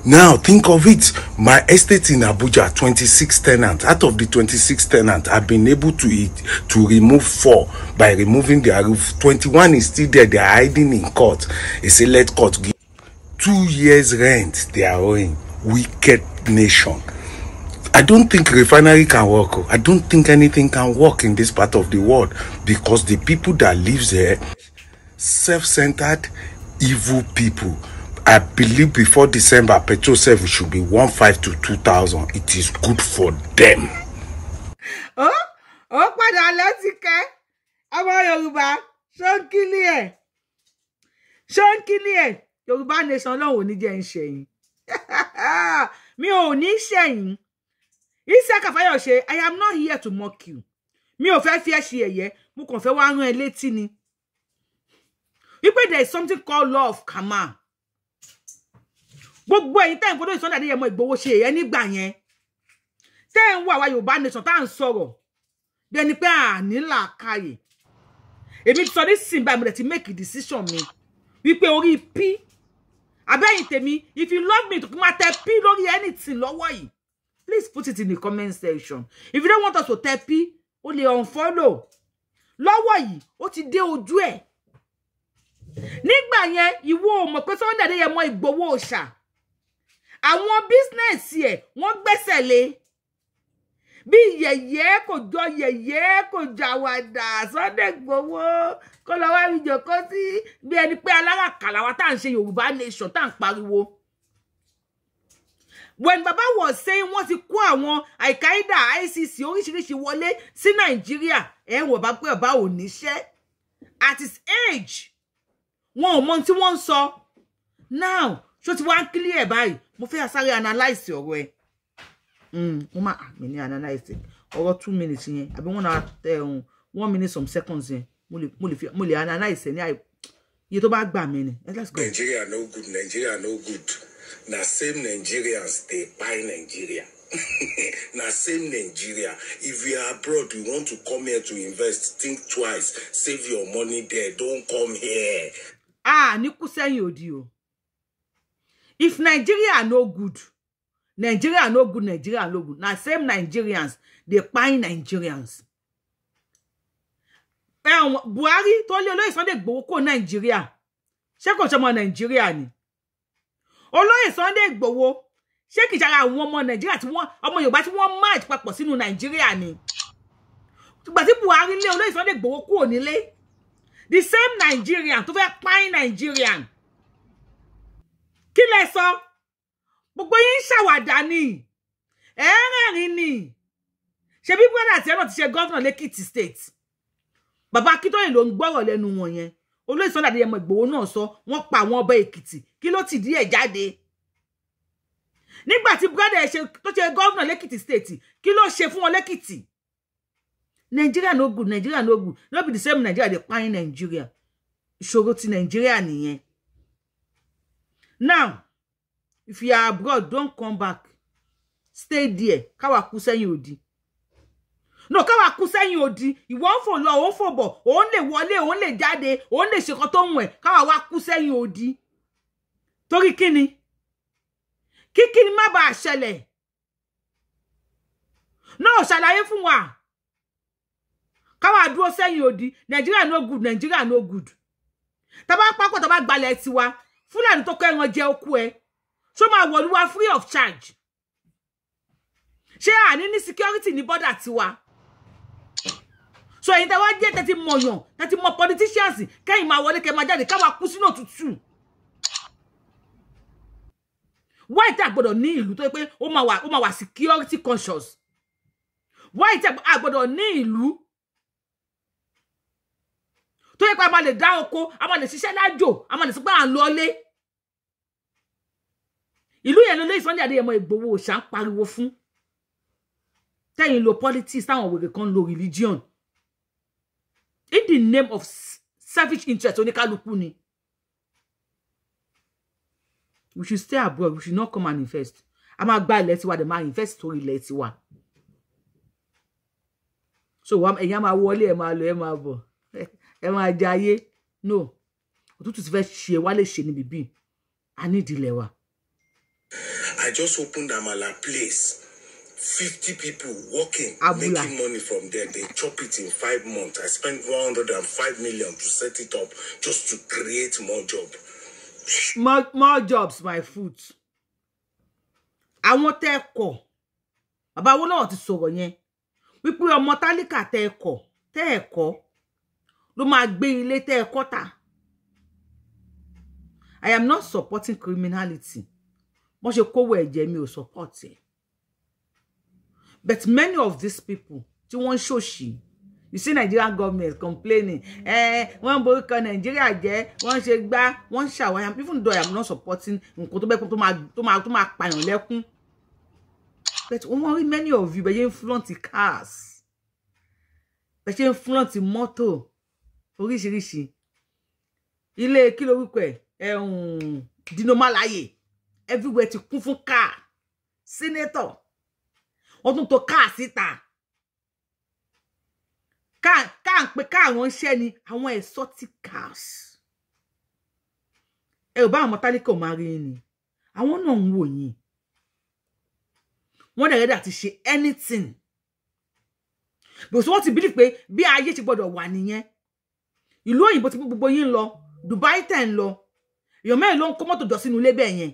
now think of it my estate in abuja twenty-six ten out of the twenty-six ten ants been able to eat to remove four by removing their roof twenty-one is still there they are hiding in court let court give two years rent they are owing wicked nation. I don't think refinery can work. Oh. I don't think anything can work in this part of the world because the people that lives here, self-centered, evil people. I believe before December, petrol service should be one five to two thousand. It is good for them. Oh, oh, padà lẹ́sìkẹ́, ọmọ Yorùbá, ṣọ́nkílì ẹ̀, ṣọ́nkílì ẹ̀, Yorùbá nation lọ́wọ́ oníjẹ́ ń ṣẹ̀yìn. mi ò ní ṣẹ̀yìn Isiaka Fayose i am not here to mock you mi ò fẹ́ fi ẹ́ ṣe ẹ̀yẹ mo kàn fẹ́ wá rán ẹ létí ni wípé there is something called law of karma gbogbo ẹ̀yin tẹ́ ń fọdọ́ ìsọ́ndà ní ẹ̀mọ Ìgbòho ṣe ẹ̀yẹ nígbà yẹn tẹ́ ń wà wá Yorùbá nation tá à ń sọ̀rọ̀ bí ẹni pé àní làákàyè èmi ti sọ ní sìn báyìí mo dẹ̀ ti make decision mi wípé orí pí abẹ́yìn tèmi if you love me to come máa tẹ pí lórí anything lọ́wọ́ yìí please put it in the comment section if you don't want us to tẹ pí o lè unfollow lọ́wọ́ yìí ó ti dé ojú ẹ̀ nígbà yẹn ìwọ ò mọ̀ pé Sunday Adéyẹmọ Ìgbòho òòṣà àwọn business ẹ̀ wọ́n gbẹ́sẹ̀ lé bí yẹ̀yẹ́ kò jọ yẹ̀yẹ́ kò jọ àwàdà Sunday Igboho kó lọ wá rí jòkó sí bí ẹni pé aláràkàlà wa tá à ń ṣe Yorùbá nation tá à ń pariwo. When Baba was saying wọ́n ti kó àwọn àìkáídà ICC oríṣiríṣi wọlé sí Nàìjíríà ẹ̀ ń wọ̀ bá pé ọba ò níṣẹ́ at his age wọn ò mọ ohun tí wọ́n ń sọ now ṣó ti wá ń clear báyìí mo fẹ́ sáré analyse ọ̀rọ̀ ẹ̀ mo mm, máa ah, mi ní analyze ọ̀rọ̀ two minutes yẹn àbí one hour eh, um, one minute some seconds yẹn mo lè fi mo lè analyze ní iye tó bá gbà mí ni. Eh, nigeria no good Nigeria no good na same Nigerians dey buy Nigeria. na same nigeria if you are abroad you want to come here to invest think twice save your money there Don't come here. ah ní kú sẹ́yìn òdì o if nigeria no good nigeria no good nigeria no good na same nigerians dey kpai nigerians eh, buhari tó lé olóyè sunday gbowó kó nàìjíríà ṣé kò ṣọmọ nàìjíríà ni olóyè sunday gbowó ṣé kì í ṣara àwọn ọmọ nàìjíríà tí wọn ọmọ yorùbá tí wọn máa papọ̀ sínú nàìjíríà ni ìgbà tí buhari lé olóyè sunday gbowó kúrò nílé the same nigerian to be a pààyàn nigerian kí lẹ sọ gbogbo yín ń ṣàwàdà ni ẹ rẹ́rìn ni ṣebí brother tí ẹ náà ti ṣe gọ́vnà lẹ́kìtì state bàbá akíntóyè ló ń gbọ́rọ̀ lẹ́nu wọn yẹn olóyè Sunday Adéyẹmọ Ìgbòho náà sọ wọ́n pa àwọn ọba èkìtì kí ló ti díẹ̀ jáde nígbà tí brother ẹ ṣe tó ṣe gọ́vnà lẹ́kìtì state kí ló ṣe fún wọn lẹ́kìtì Nigeria no good Nigeria no good no be the same Nigeria dey pine Nigeria ìṣòro ti Nigeria nìyẹn now if you are abroad don't come back stay there káwa kú sẹ́yìn odi no káwa kú sẹ́yìn odi ìwọ ń fò lọ òun fò bọ̀ òun lè wọlé òun lè jáde òun lè ṣèkan tó ń wẹ̀ káwa wá kú sẹ́yìn odi torí kíni kíkíni má bàa ṣẹlẹ̀ náà ṣàlàyé fún wa káwa dúró sẹ́yìn odi nàìjíríà no good Nigeria no good tá bá pápọ̀ tá bá gbalẹ̀ tiwa fúlàní tó kọ́ ẹran jẹ okú ẹ So máa wọ̀lú wa free of charge ṣé àní ní security border bọ́dà tiwa so ẹ̀yin tẹ́ wá jẹ́ tẹ́ ti mọ̀yàn tẹ́ ti mọ politicians kẹ́yìn máa wọlé kẹ́ máa jáde káwa kú sínú òtútù why tí a gbọ́dọ̀ ní ìlú tó yẹ pé ó máa wà ó máa wà security conscious why tí a gbọ́dọ̀ ní ìlú tó yẹ pé a máa lè dá oko a máa lè ṣiṣẹ́ lájò a máa lè sọ pé à ń lọlé ìlú yẹn ló lé Sunday Adéyẹmọ Ìgbòho ṣá ń pariwo fún tẹ́yìn lo politics táwọn wèrè kan lo religion in the name of selfish interest oníkálukú ni we should stay abroad we should not come and invest a máa gba ilẹ̀ tiwa dẹ̀ máa invest torí ilẹ̀ tiwa so ẹ̀yin á máa wọlé ẹ̀ máa lọ ẹ̀ máa bọ̀ ẹ̀ máa jayé no òtútù ti fẹ́ ṣe wálé ṣe níbi bíi a nídìí ilẹ̀ wa. I just opened Amala place. 50 people working, Abula. making money from there. They chop it in five months. I spent 105 million to set it up just to create more job. More, more jobs, my foot. Àwọn tẹ́ kọ̀. Bàbá wo náà ti sọ̀rọ̀ yẹn. Wípé ọmọ tálíkà tẹ́ kọ̀. Tẹ́ kọ̀. Ló máa gbé ilé tẹ́ kọ́ tà. I am not supporting criminality wọ́n ṣe kówó ẹ̀jẹ̀ mi ò support ẹ̀ but many of these people tí wọ́n ń ṣòṣì you see Nigerian government complaining eh wọ́n borúkọ Nigeria jẹ́ wọ́n ṣe gbá wọ́n ṣàwáyà even though I am not supporting nǹkan tó bẹ́ẹ̀ tó máa tó máa tó máa pààyàn lẹ́kún but wọ́n rí many of you bẹ́ẹ̀ ṣe ń flaunt cars bẹ́ẹ̀ ṣe ń flaunt mọ́tò oríṣiríṣi ilé kí lorúkọ ẹ̀ ẹ̀hún dinomalaye everywhere ti kún fún káà senator wọ́n tún to káà síta káà ń pe káà ránṣẹ́ ni àwọn exotic cars ẹ ò bá àwọn tálíkà ò máa rí ni àwọn náà ń wò yín wọ́n dẹ̀ rẹ́dà ti ṣe anything because wọ́n ti bílí pé bí ayé ti gbọ́dọ̀ wà nìyẹn ìlú òyìnbó ti gbogbo yín lọ Dubai tẹ̀ ń lọ èèyàn mẹ́rin ló ń kó mọ́tò jọ sínú ilé bẹ́ẹ̀ yẹn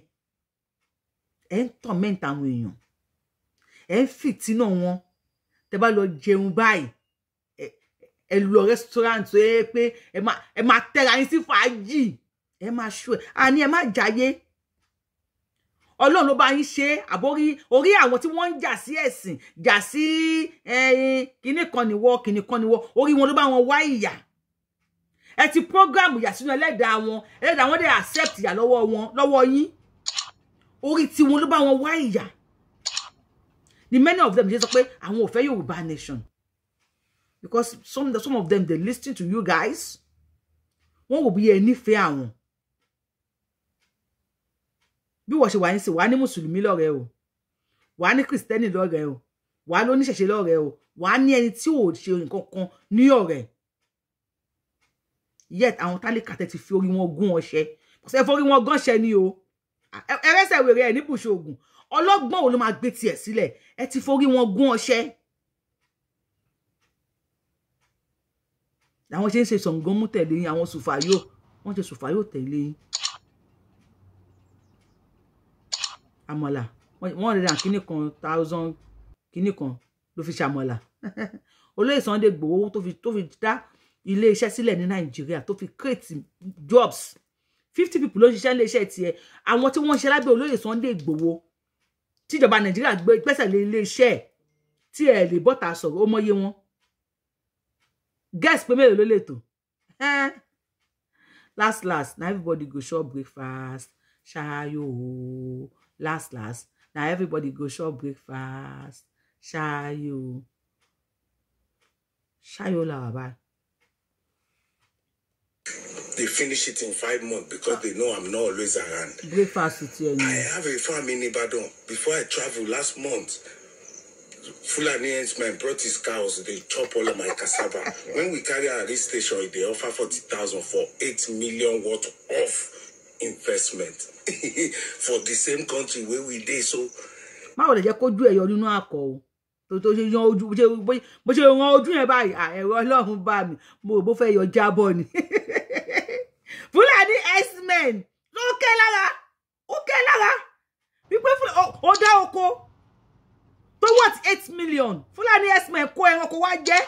ẹ ń tàn mẹ́ta àwọn èèyàn ẹ ń fìtínà wọn tẹ bá lọ jẹun báyìí ẹ lọ restaurant tó yẹ pé ẹ máa tẹra yín sí fàájì ẹ máa ṣú ẹ àní ẹ má jayé ọlọ́run ló bá yín ṣe àbórí orí àwọn tí wọ́n ń jà sí ẹ̀sìn jà sí kinní kan nìwọ kinní kan nìwọ orí wọn ló bá wọn wá ìyà ẹ ti program ìyà sínú ẹlẹ́dàá wọn ẹlẹ́dàá wọn dẹ̀ accept ìyà lọ́wọ́ wọn lọ́wọ́ yín orí tiwọn ló bá wọn wá ìyà the many of them ṣe sọ pé àwọn ò fẹ́ Yorùbá nation because some some of them they listen to you guys wọn ò bí any nífẹ̀ẹ́ àwọn bí wọ́n ṣe wà ní sí wàá ní mùsùlùmí lọ́rẹ̀ẹ́ o wàá ní kìrìsìtẹ́nì lọ́rẹ̀ẹ́ o wàá lóníṣẹ̀ṣe lọ́rẹ̀ẹ́ o wàá ní ẹni tí ò ṣe nǹkan kan ní ọ̀rẹ́ yet àwọn tálíkà tẹ ti fi orí wọn gún ọṣẹ kò sẹ́ fọ́rí wọn gánṣẹ́ ni o ẹrẹsẹ wèrè ẹ níbùṣọ ogun ọlọ́gbọ́n òun ló máa gbé tiẹ̀ sílẹ̀ ẹ ti forí wọn gún ọṣẹ. àwọn ṣe ń ṣe ṣàngó mú tẹ̀lé yín àwọn sùfàyò wọ́n ṣe sùfàyò tẹ̀lé yín. àmọ̀là wọ́n rẹ̀ rà kíní kan thousand kíní kan ló fi ṣàmọ̀là olóyè Sunday Igboho tó fi dá ilé iṣẹ́ sílẹ̀ ní Nàìjíríà tó fi create jobs fifty people ló ṣiṣẹ́ iléeṣẹ́ tiẹ̀ àwọn tí wọ́n ṣe lábẹ́ olóyè Sunday Ìgbòho tíjọba Nàìjíríà gbé gbẹ́sẹ̀ lé iléeṣẹ́ tí ẹ̀ lè bọ́ta sọ̀rọ̀ ó mọyé wọn guess pé mélòó ló lè tò last last na everybody go chop breakfast ṣaayo ooo last last na everybody go chop breakfast ṣaayo ṣaayo làwà báyìí. They finish it in five months because ah. they know I'm not always around. Breakfast with you. I have a farm in Ibadan. Before I travel last month, Fulani herdsman brought his cows, they chop all of my cassava. when we carry our this station, they offer forty thousand for eight million worth of investment for the same country where we did. So, má wọlé jẹ́ kójú ẹ̀yọ nínú àkọ́ o tó to ṣe yan ojú bó ṣe to ojú yẹn báyìí ẹ̀rọ ọlọ́run bá mi mo ò bó fẹ́ yọ jábọ̀ ni. Fúlàní x-men ló kẹ́ lára ó kẹ́ lára wípé ó dá oko tó worth eight million Fúlàní x-men kó ẹranko wá jẹ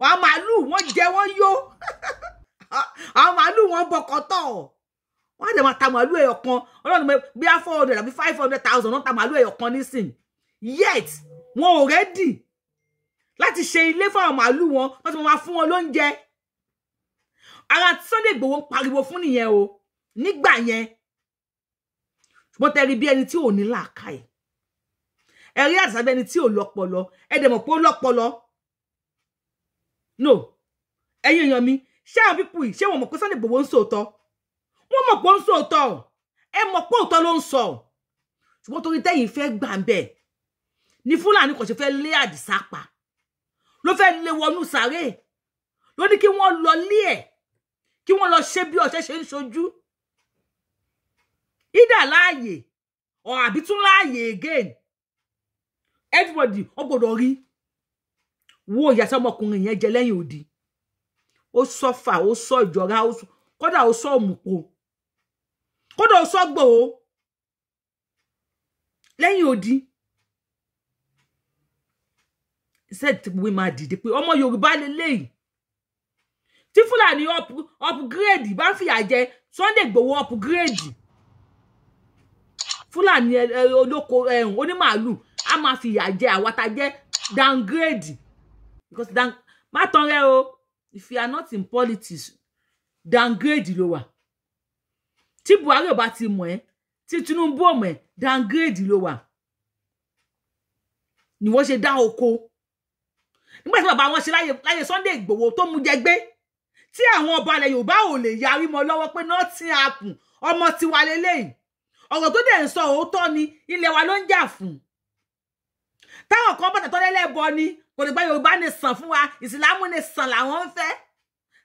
wàá màálù wọ́n jẹ wọ́n yó àwọn màálù wọ́n bọkọtọ wọ́n á dẹ̀ máa ta màálù ẹyọ kan ọlọ́run mi bí i four hundred àbí five hundred thousand wọ́n ta màálù ẹyọ kan nísìn yet wọn ò rẹ́dì láti ṣe ilé fún àwọn màálù wọn wọ́n ti máa fún wọn lóúnjẹ ara Sunday Igboho ń pariwo fún nìyẹn o nígbà yẹn ṣùgbọ́n tẹ́ rí bí ẹni tí ò ní làákàyè ẹ rí àtàbí ẹni tí ò lọ́pọlọ ẹ dẹ̀ mọ̀ pé ó lọ́pọlọ no ẹ̀yin èèyàn mi ṣé àwọn pípù yìí ṣé wọ́n mọ̀ pé Sunday Igboho ń sòótọ́ wọ́n mọ̀ pé ó ń sòótọ́ ẹ mọ̀ pé òótọ́ ló ń sọ ṣùgbọ́n torí tẹ́yìn fẹ́ gbà ń bẹ̀ ni Fúlàní kò ṣe fẹ́ lé Àdìsá pa ló fẹ́ lé wọnú sáré ló ní kí wọ́n lọ lé ẹ̀ kí wọ́n lọ ṣe bí ọṣẹ ṣe ń ṣojú either láàyè or àbí tún láàyè again everybody ó gbọ́dọ̀ rí wo ìyàtọ ọmọkùnrin yẹn jẹ lẹ́yìn odi ó sọfà ó sọ ìjọra kódà ó sọ òmùpò kódà ó sọ gbòó lẹ́yìn odi said we máa dìde pé ọmọ Yorùbá lélẹyìí tí fúlàní upgrade bá ń fìyà jẹ Sunday Igboho upgrade fúlàní eh, eh, olóko eh, onímàálù a máa fìyà jẹ àwátá jẹ downgrade because down má tán rẹ o if you are not in politics downgrade ló wà tí Buhari ò bá ti mọ̀ ẹ́ tí Tinubu ò mọ̀ ẹ́ downgrade ló wà ni wọ́n ṣe dá oko nígbà tí bàbá wọn ṣe láyé Sunday Ìgbòho tó mú jẹgbẹ́ tí àwọn ọba ilẹ̀ Yorùbá ò lè yarí mọ́ lọ́wọ́ pé nothing happen ọmọ tiwa lélẹ́yìn ọ̀rọ̀ tó dẹ̀ ń sọ òótọ́ ni ilẹ̀ wa ló ń jà fún táwọn kan bàtà tó lẹ́lẹ́bọ ni kò lè gba Yorùbá ní sàn fún wa ìsìlámù ní sàn làwọn ń fẹ́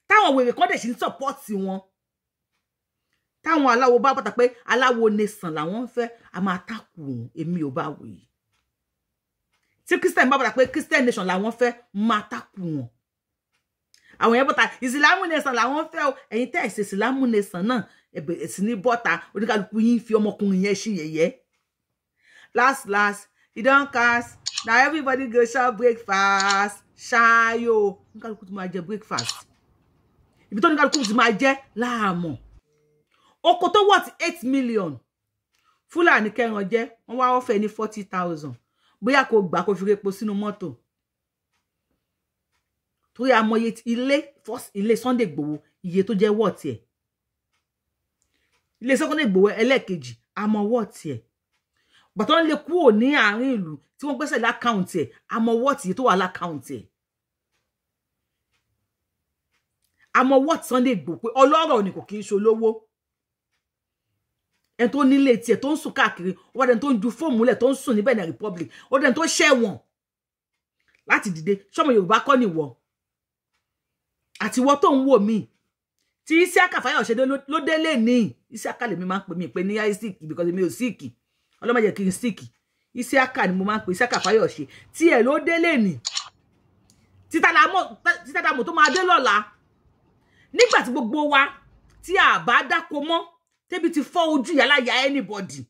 táwọn wèrè kan dẹ̀ sì ń sọ̀pọ́ọ̀tì wọn táwọn aláwo bá bàtà pé aláwo ní sàn làwọn ń fẹ́ a máa takù èmi ò bá wòye tí Christian bá bàtà pé Christian nation làwọn fẹ́ máa takù wọn àwọn yẹn bọ́ta ìsìlámù làwọn fẹ́ o ẹ̀yin tẹ́ ẹ̀sìn ìsìlámù náà ẹ̀bẹ̀rẹ̀ sí ní bọ́ta oníkálukú yín fi ọmọkùnrin yẹn ṣe yẹ̀yẹ́ last last e don cast na everybody go chop breakfast ṣaayo oníkálukú ti máa jẹ breakfast ibi tó oníkálukú ti máa jẹ láàmọ̀ oko tó worth eight million fúlàní kẹran jẹ wọn wá ọ̀fẹ́ ní forty thousand bóyá kò gbà kó fi repo sínú mọ́tò torí àmọye ilé first ilé Sunday Igboho iye tó jẹ wọ́ọ̀tì ẹ̀ ilé Sunday Igboho ẹlẹ́ẹ̀kejì àmọ́ wọ́ọ̀tì ẹ̀ bàtọ́ lè kúrò ní àárín ìlú tí wọ́n gbẹ́sẹ̀ lákàùntì ẹ̀ àmọ́ wọ́ọ̀tì yìí tó wà lákàùntì ẹ̀ àmọ́ wọ́ọ̀tì Sunday Igboho pé ọlọ́rọ̀ ni kò kí ń ṣolówó ẹni tó nílé tiẹ̀ tó ń sùn káàkiri wọ́n dẹni tó ń ju fóònù lẹ̀ tó ń sùn ní Benin Republic wọ́n dẹni tó ṣẹ̀wọ̀n láti dìde ṣọmọ Yorùbá kọ́ nìwọ̀n àtiwọ́ tó ń wò mí tí isiaka fayose ló délé ní isiaka lèmi máa ń pè mí pé ní isaac because mi ò síìkì ọlọ́mọdé kì í síìkì isiaka ni mo máa ń pè isiaka fayose tí ẹ̀ ló délé ní títàdàmù tó máa dé lọ́la nígbà tí gbogbo wa tí a bá dáko mọ́ tẹ́bi ti fọ́ ojú yàrá ya anybody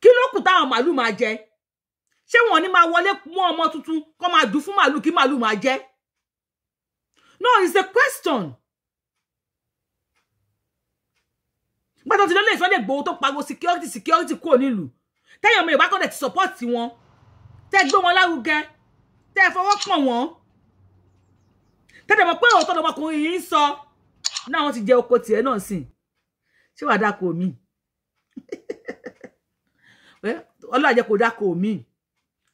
kí ló kù táwọn màálù máa jẹ ṣé wọn ò ní máa wọlé mú ọmọ tuntun kó máa dùn fún màálù kí màálù máa jẹ no it's a question. gbọ́dọ̀ ti lọ́lẹ́ ìfẹ́ lè gbowó tó pagbo security security kúrò nílùú tẹ́yìn ọmọ yorùbá kọ́dẹ̀ ti support you Tell wọn tẹ́ gbé wọn lárugẹ tẹ́ fọwọ́ pọ̀ wọ́n tẹ́tẹ̀ mọ̀ pé òótọ́ lọmọkùnrin yìí ń sọ náà wọ́n ti jẹ oko tiẹ̀ náà sìn ṣé call me? Well, ọlọ́àjẹ kò dáko mi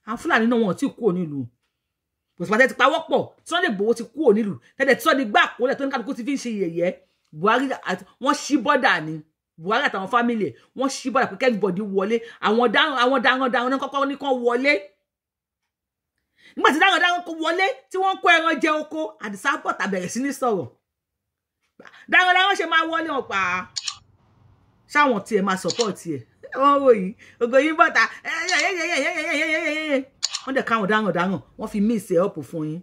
àwọn fúlàní náà wọn ò to kúrò nílùú òṣùpàtẹ́ ti pawọ́ pọ̀ Sunday Igboho ti kúrò nílùú tẹ́tẹ́ tí Sunday gbà àkólẹ̀ tó ní kálukú ti fi ń ṣe yẹ̀yẹ́ Buhari wọ́n ṣí bọ́dà ni Buhari àtàwọn fámìlì ẹ̀ wọ́n ṣí bọ́dà pé kẹ́gbọ̀dì wọlé àwọn darandaran daran kọ́kọ́ ní kán wọlé nígbà tí darandaran kó wọlé tí wọ́n kó ẹran jẹ oko Àdìsá pọ̀ tàbẹ̀rẹ̀ sí ní sọ̀rọ̀ darandaran ṣe máa wọlé wọn pa ṣáwọn tiẹ̀ máa support tiẹ̀ wọ́n wò yìí ògò yìí bọ̀tà ẹ̀yẹ̀yẹ̀yẹ̀yẹ̀yẹ̀yẹ̀yẹ̀ wọ́n dẹ̀ káwọn ọ̀daràn ọ̀daràn wọ́n fi mí ìsẹ̀ ọ̀pù fún yín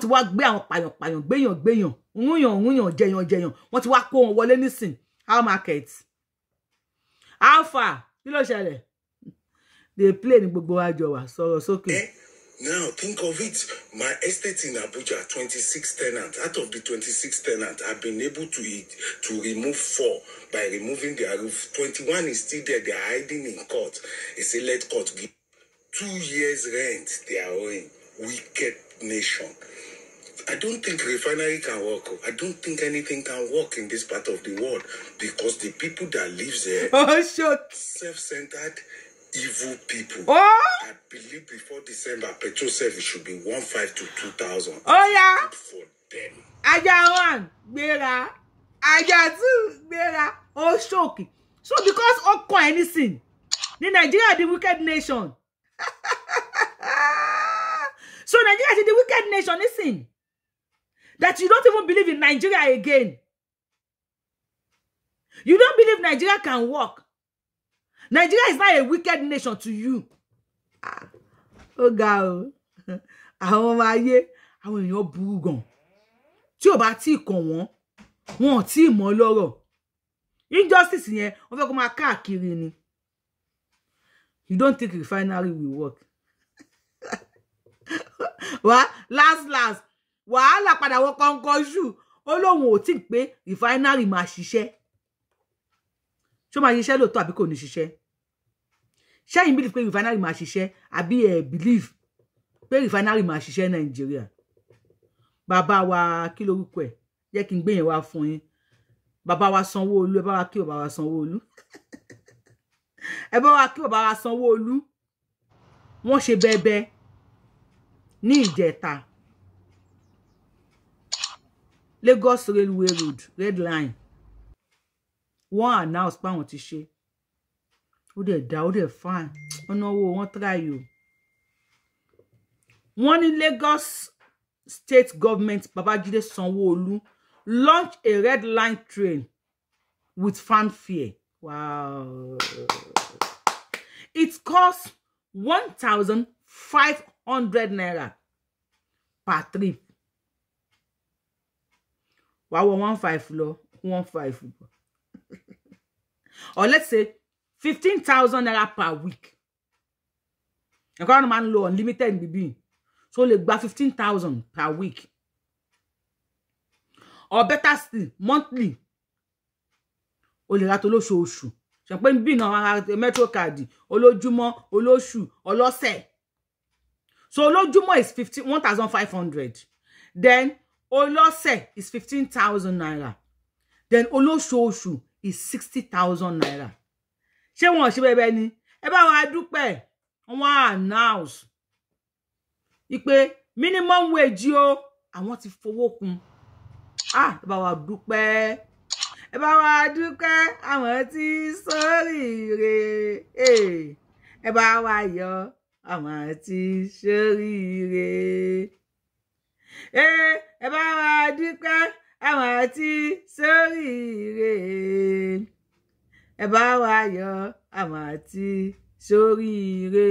ti wá gbé àwọn pààyàn pààyàn gbéyàn gbéyàn òhúnyàn òhúnyàn jẹyàn jẹyàn wọ́n ti wá kó wọn wọlé nísìn our market alpha kí ló ṣẹlẹ̀ dey play ní gbogbo àjọ wa sọ̀rọ̀ sókè. Eh, now think of it, my estate in Abuja, 26 tenants. Out of the 26 tenants, I've been able to eat, to remove four by removing their roof. 21 is still there. They're hiding in court. It's a let court two years rent they are owing wicked nation I don't think refinery can work. Oh. I don't think anything can work in this part of the world because the people that lives there oh, shut. self-centered evil people. Oh. I believe before December petrol service should be one five to two thousand. Oh yeah. Good for them. I got one I got two gbéra, oh shocking. So because ọkàn anything, the Nigeria the wicked nation. so Nigeria is the wicked nation, listen. That you don't even believe in Nigeria again. You don't believe Nigeria can work. Nigeria is not a wicked nation to you. Ah, ó ga o. Àwọn ọmọ ayé, àwọn èèyàn burú gan. Tí ò bá tí ì kàn wọ́n, wọn ò tí ì mọ́ lọ́rọ̀. Injustice yẹn, wọ́n fẹ́ kó máa káàkiri ni you don't think refinery will work What? last last wàhálà padà wọ kọ́ńkọ́ ṣù ó lóun ò tí ì pé refinery máa ṣiṣẹ́ ṣó máa ṣiṣẹ́ lóòótọ́ àbí kò ní ṣiṣẹ́ ṣẹ́yìn believe pé refinery máa ṣiṣẹ́ àbí ẹ̀ believe pé refinery máa ṣiṣẹ́ nàìjíríà bàbá wa kilo lorúkọ ẹ̀ jẹ́ kí n gbé yẹn wá fún yín wa sanwó olu. Baba bá Baba kí bàbá wa sanwó-olú ẹ bá wa kí bàbá wa Sanwó-Olú wọ́n ṣe bẹbẹ ní ìjẹta Lagos railway road red line wọ́n announce pé àwọn ti ṣe ó dẹ̀ dá ó dẹ̀ fine wọ́n náwó try o wọ́n ní Lagos state government Babájídé Sanwo-Olu launch a red line train with fanfare Wow. It costs 1,500 naira per trip. Wow, one five floor, one five. floor. Or let's say 15,000 naira per week. Nǹkan máa ń lo unlimited BB. So lè gba 15,000 per week. Or better still, monthly o lè ra tó lóṣooṣù ṣàpẹ́ metro card olójúmọ́ olóṣù ọlọ́sẹ̀ so olójúmọ́ is fifteen one thousand five hundred then ọlọ́sẹ̀ is fifteen thousand naira then olóṣooṣù is sixty thousand naira ṣé wọn ṣe bẹ́ẹ̀ bẹ́ẹ̀ ni ẹ bá wa dúpẹ́ wọn announce ipe minimum wage o àwọn ti fowó kún ah ẹ bá wa dúpẹ́ ẹ bá wa dúpẹ́ àwọn tí sóríire ẹ bá wa yọ̀ àwọn tí sóríire ẹ bá wa dúpẹ́ àwọn tí sóríire ẹ bá wa yọ̀ àwọn tí sóríire.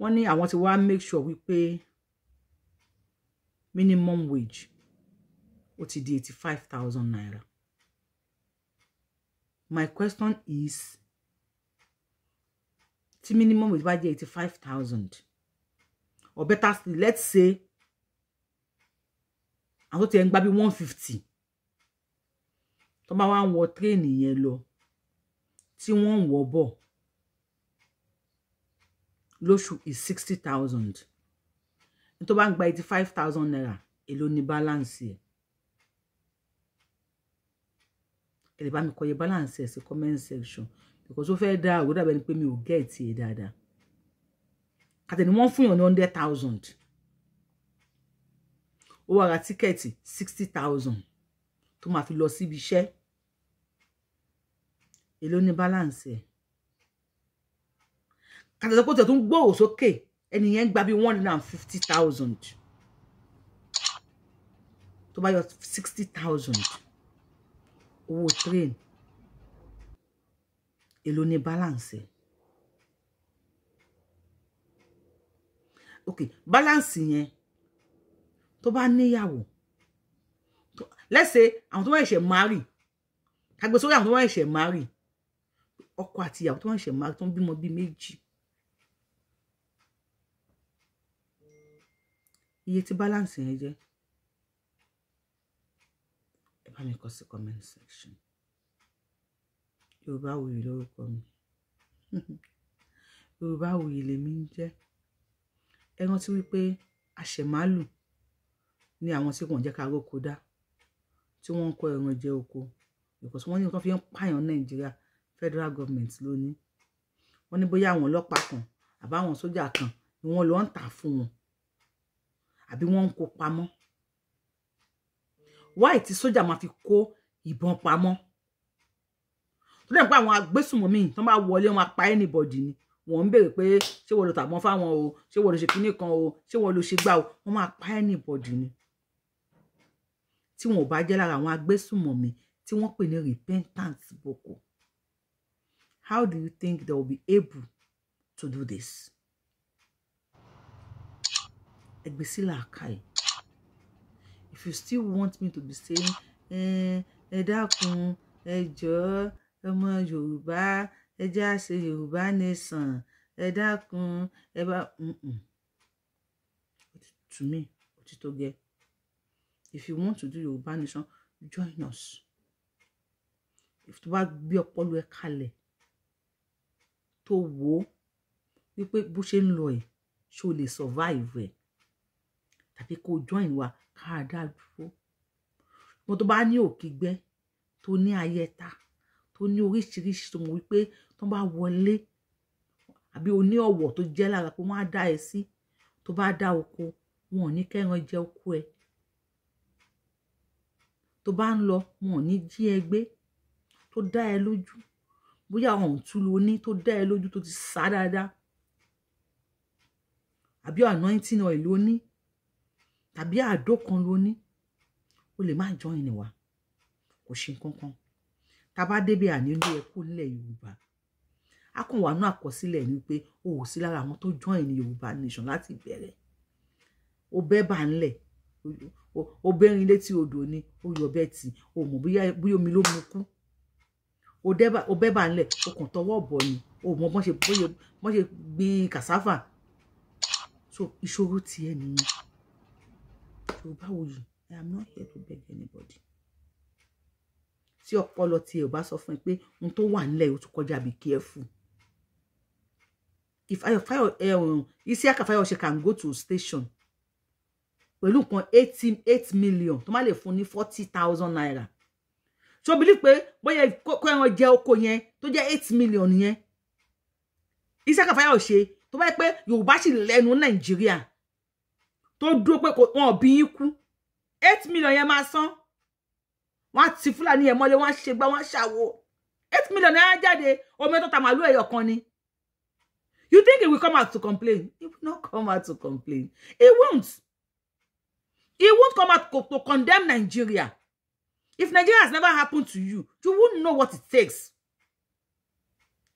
wọ́n ní àwọn ti wá make sure wípé minimum wage ó ti di eighty five thousand naira my question is tí minimum bá jẹ́ eighty five thousand or better still let's say àwọn tó ti ẹ̀ ń gbà bí one fifty tó bá wá ń wọ tírèènì yẹn lọ tí is sixty thousand ní tó gba eighty five thousand naira èló ni balance here. ẹ lè bá mi kọ iye balance ẹ̀ sí comment section because ó fẹ́ dá àwọn dàbẹ́ ni pé mi ò get ẹ̀ dáadáa àtẹni wọ́n fún yàn ní hundred thousand ó wá ra tíkẹ́ẹ̀tì sixty thousand tó máa fi lọ síbi iṣẹ́ èló ní balance ẹ̀ kàtàkùn kò tẹ̀ tún gbòòrò sókè ẹni yẹn gba bí one hundred and fifty thousand tó bá yọ sixty thousand owó train èló ni balance ok balance yẹn tó Let's say, lẹ́sẹ̀ àwọn tó wá ẹ̀ṣẹ̀ mari kagbe sórí àwọn tó wá ẹ̀ṣẹ̀ mari ọkọ àti ìyàwó tó wá ẹ̀ṣẹ̀ mari tó ń bímọ bíi méjì iye tí balance yẹn je mi kọ sí comment section Yorùbáwùyí lórúkọ mi Yorùbáwùyí lèmi ń jẹ́ ẹ rántí wípé àṣẹmálù ni àwọn tí kò ń jẹ́ ká róko dá tí wọ́n ń kọ ẹran jẹ oko because wọ́n ní nǹkan fi ń pààyàn Nàìjíríà federal government ló ní wọ́n ní bóyá àwọn ọlọ́pàá kan àbáwọn sójà kan ni wọ́n lọ ń tà fún wọn àbí wọ́n ń kó pamọ́ why tí sójà máa fi kó ìbọn pamọ́ tó dẹ̀ ń pa àwọn agbésùnmọ̀mí tó máa wọlé wọn pa anybody ni wọ́n ń béèrè pé ṣé wọ́n lọ tàbọn fáwọn o ṣé wọ́n lọ ṣe kinní kan o ṣé wọ́n lọ ṣe gbá o wọ́n máa pa anybody ni tí wọn ò bá jẹ́ lára àwọn agbésùnmọ̀mí tí wọ́n pè ní repentance boko how do you think they will be able to do this? ẹgbẹ́ sílẹ̀ àkàyè if you still want me to be saying ẹ dákun ẹ jọ̀ọ́ ọmọ yorùbá ẹ já ṣe yorùbá nation ẹ dákun ẹ bá to me otito gẹ if you want to do yorùbá nation join us if tó bá gbé ọpọlọ ẹ kalẹ̀ tó wò ó wípé bó ṣe ń lọ ẹ ṣó lè survive ẹ tàbí kó join wa ká dá dúró mo tó bá ní òkígbẹ́ tó ní ayẹta tó ní oríṣiríṣi tó mọ̀ wípé tó bá wọlé àbí o ní ọ̀wọ̀ tó jẹ́ lára pé wọ́n á dá ẹ sí tó bá dá oko wọn ò ní kẹ́ran jẹ oko ẹ tó bá ń lọ wọn ò ní jí ẹ gbé tó dá ẹ lójú bóyá àwọn òǹtúlu oní tó dá ẹ lójú tó ti sá dáadáa àbí anointing oil oní tàbí àdó kan ló ní o lè má join wa kò ṣe nǹkan kan tá a bá débi ànílò ẹkú nílẹ̀ yorùbá a kàn wà ní àkọsílẹ̀ ni pé o ò sí lára àwọn tó join yorùbá nation láti bẹ̀rẹ̀ o bẹ́ bà ńlẹ̀ o bẹ́rin létí odò ni o yọ bẹ́ẹ̀ tì o mọ̀ bóyá omi ló mu kú o bẹ́ bà ńlẹ̀ o kàn tọwọ́ bọ̀ ni o mọ̀ bọ́n ṣe gbin kàsáfà so ìṣòro tiẹ̀ nìyẹn yorùbá òyì i am not here to beg anybody tí ọpọlọ tí ẹ ò bá sọ fún ẹ pé ohun tó wà nílẹ̀ o ti kọjá be careful if ayo fayo um, isiaka fayose can go to station pẹ̀lú nǹkan eighteen eight million tó má lè fún ní forty thousand naira so believe pé bóyá kó ẹran jẹ oko yẹn tó jẹ eight million yẹn isaka fayose tó bá yẹ pé yorùbá sì lẹ́nu nàìjíríà tó dúró pé wọn ò bí ikú eight million yẹn máa san wọn á ti fúlàní yẹn mọ́lé wọn á ṣe gbá wọn á ṣàwo eight million náírà jáde omi tó ta màálù ẹyọ kan ni you think he will come out to complain he will not come out to complain he won't he won't come out to, condemn Nigeria if Nigeria has never happened to you you won't know what it takes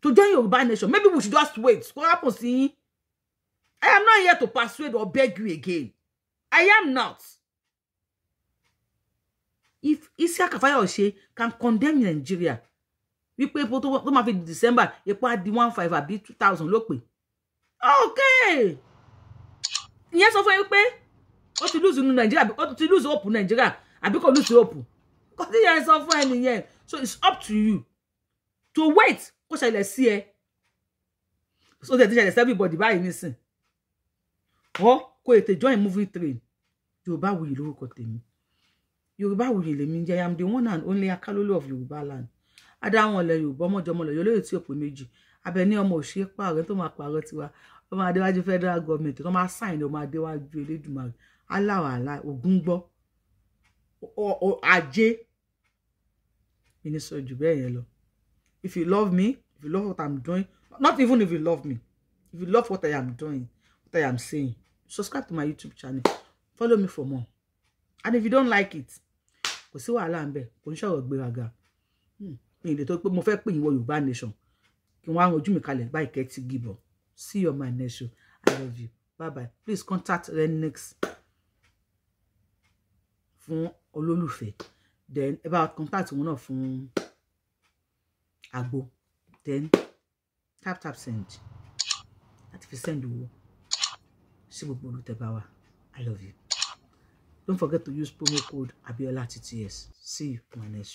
to join your Yoruba nation maybe we should just wait what happens to I am not here to persuade or beg you again. I am not. If Kafaya Oshie can condemn Nigeria, we pay for máa fi di December you pay di one five àbí two thousand ló pè. Ok. Ìyẹn sọ fún ẹ wípé ó ti lùzù Nàìjíríà ó ti lùzù òpù Nàìjíríà àbí kò lùzù òpù. Kò Because ìyẹn sọ fún ẹ nìyẹn. So it's up to you to wait kó ṣẹlẹ̀ sí ẹ. So that ti ṣẹlẹ̀ sí everybody báyìí nísìn or kó ètè join movie train yorùbá wuyì lórúkọ tèmi yorùbá wuyì lèmi jẹ i am the one and only akálólú of yorùbá land adáwọn ọlẹ yorùbá ọmọjọmọ lọ yọlẹ tí òpè méjì abẹ ní ọmọ òṣèré pààrọ̀ tó máa pààrọ̀ tiwa ọmọ adéwájú federal government tó máa sáìn ọmọ adéwájú elédùnmarè aláwàálà ògún gbọ ajé ìní sọ jù bẹ́ẹ̀ yẹn lọ if you love me if you love what i'm doing not even if you love me if you love what i am doing what i am saying subscribe to my youtube channel follow me for more and if you don't like it go see what ń bẹ kò ń ṣọ̀rọ̀ gbéraga hmm. mi ì lè tó pé mo fẹ́ pè yín wọ yorùbá nation kí wọ́n á ranjú mi kalẹ̀ báyìí kẹ́tì gíbọ̀ see you on my next show i love you bye bye please contact renix fún olólùfẹ́ then ẹ contact one of fún àgbo then tap tap send if you send you sí gbogbo olùtẹ́ i love you don't forget to use promo code abiola tts see you my next.